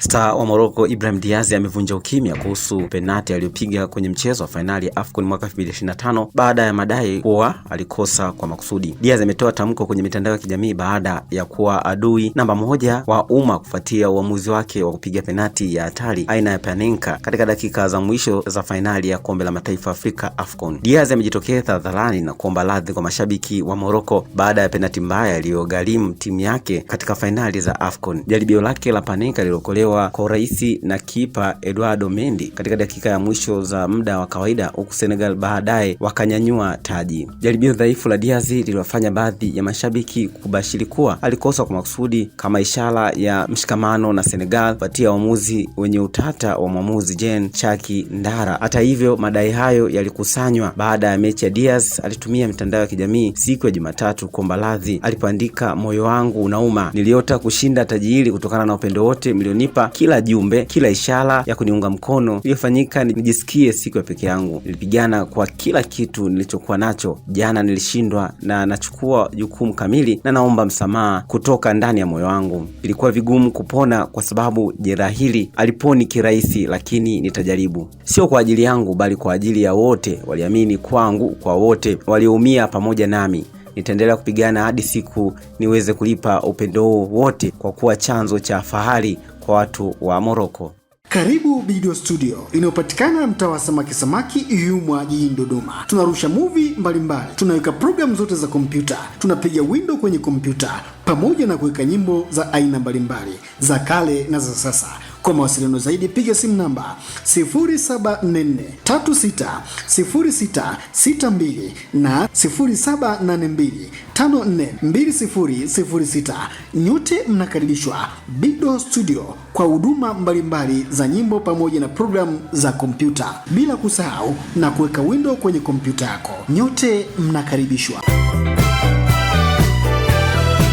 Star wa Morocco Ibrahim Diazi amevunja ukimya kuhusu penati aliyopiga kwenye mchezo wa fainali ya AFCON mwaka 2025 baada ya madai kuwa alikosa kwa makusudi. diaz ametoa tamko kwenye mitandao ya kijamii baada ya kuwa adui namba moja wa umma kufuatia uamuzi wake wa kupiga penati ya hatari aina ya panenka katika dakika za mwisho za fainali ya Kombe la Mataifa Afrika AFCON. diaz amejitokeza hadharani na kuomba radhi kwa mashabiki wa Morocco baada ya penati mbaya iliyogharimu timu yake katika fainali za AFCON. Jaribio lake la panenka liliokolewa kuondolewa kwa urahisi na kipa Eduardo Mendy katika dakika ya mwisho za muda wa kawaida, huku Senegal baadaye wakanyanyua taji. Jaribio dhaifu la Diaz liliwafanya baadhi ya mashabiki kubashiri kuwa alikosa kwa makusudi kama ishara ya mshikamano na Senegal kufuatia uamuzi wenye utata wa mwamuzi Jean Chaki Ndara. Hata hivyo, madai hayo yalikusanywa baada ya mechi ya Diaz alitumia mitandao ya kijamii siku ya Jumatatu kuomba radhi alipoandika, moyo wangu unauma, niliota kushinda taji hili kutokana na upendo wote mlionipa kunipa kila jumbe, kila ishara ya kuniunga mkono iliyofanyika nijisikie siku ya peke yangu. Nilipigana kwa kila kitu nilichokuwa nacho. Jana nilishindwa na nachukua jukumu kamili na naomba msamaha kutoka ndani ya moyo wangu. Ilikuwa vigumu kupona kwa sababu jeraha hili aliponi kirahisi, lakini nitajaribu, sio kwa ajili yangu, bali kwa ajili ya wote waliamini kwangu, kwa wote walioumia pamoja nami. Nitaendelea kupigana hadi siku niweze kulipa upendo wote, kwa kuwa chanzo cha fahari kwa watu wa Moroko. Karibu video studio inayopatikana mtaa wa samaki samaki Yumwa jijini Dodoma. Tunarusha movie mbalimbali, tunaweka programu zote za kompyuta, tunapiga window kwenye kompyuta pamoja na kuweka nyimbo za aina mbalimbali za kale na za sasa. Kwa mawasiliano zaidi piga simu namba 0744360662 na 0782 542006 nyote mnakaribishwa Bido Studio kwa huduma mbalimbali za nyimbo pamoja na programu za kompyuta, bila kusahau na kuweka window kwenye kompyuta yako. Nyote mnakaribishwa.